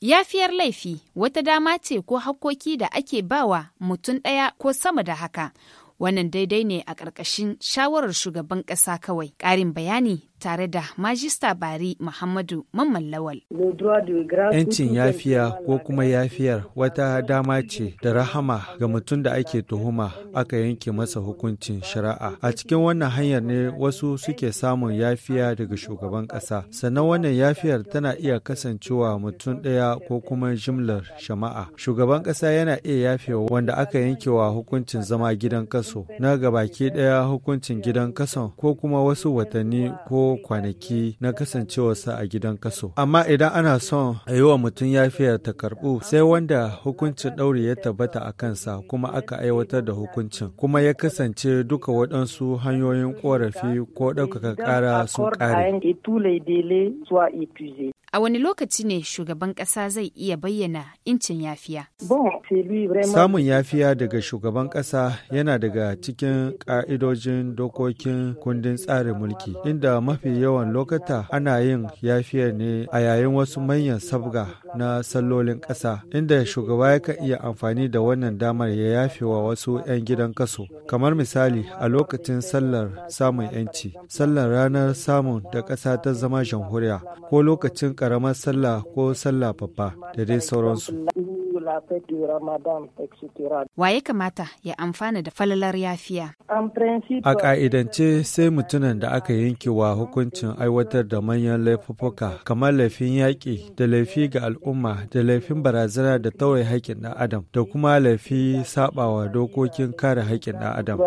Yafiyar laifi wata dama ce ko hakkoki da ake bawa mutum ɗaya ko sama da haka. Wannan daidai ne a ƙarƙashin shawarar shugaban ƙasa kawai. Ƙarin bayani tare da Majista Bari Muhammadu Mamman Lawal. ‘Yancin yafiya ko kuma yafiyar wata dama ce da rahama ga mutum da ake tuhuma aka yanke masa hukuncin shari'a. A cikin wannan hanyar ne wasu suke samun yafiya daga shugaban ƙasa. Sannan wannan yafiyar tana iya kasancewa mutum ɗaya ko kuma jimlar shama'a. Shugaban ƙasa yana iya yafewa wanda aka yankewa hukuncin zama gidan kaso na gabaki ɗaya hukuncin gidan kaso ko kuma wasu watanni ko kwanaki na kasancewarsa a gidan kaso amma idan ana son a yi wa mutum yafiya ta karbu sai wanda hukuncin ɗauri ya tabbata a kansa kuma aka aiwatar da hukuncin kuma ya kasance duka waɗansu hanyoyin ƙorafi ko ɗaukaka ƙara sun ƙare A wani lokaci ne shugaban ƙasa zai iya bayyana incin yafiya? Samun yafiya daga shugaban ƙasa yana daga cikin ƙa'idojin dokokin kundin tsarin mulki, inda mafi yawan lokata ana yin yafiya ne a yayin wasu manyan sabga na sallolin ƙasa, inda shugaba ya iya amfani da wannan damar ya yafe wa wasu 'yan gidan kaso. Kamar misali a lokacin sallar samun 'yanci, sallar ranar samun da ƙasa ta zama jamhuriya, ko lokacin karamar sallah ko sallah babba da dai sauransu. Wa ya kamata ya amfana da falalar yafiya? A ƙa'idance sai mutunan da aka yanke wa hukuncin aiwatar da manyan laifuka kamar laifin yaƙi da laifi ga al'umma da laifin barazana da tawaye haƙƙin ɗan adam da kuma laifi saɓawa dokokin kare haƙƙin ɗan adam.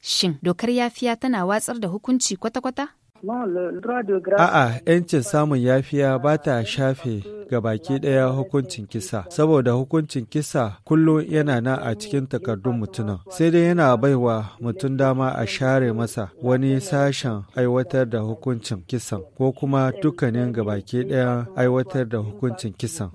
Shin dokar yafiya tana watsar da hukunci kwata-kwata? A'a, 'yancin samun yafiya ba ta shafe ga baki ɗaya hukuncin kisa, saboda hukuncin kisa kullum yana na a cikin takardun mutumin, sai dai yana baiwa mutum dama a share masa wani sashen aiwatar da hukuncin kisan ko kuma dukkanin gabaki ɗaya aiwatar da hukuncin kisan.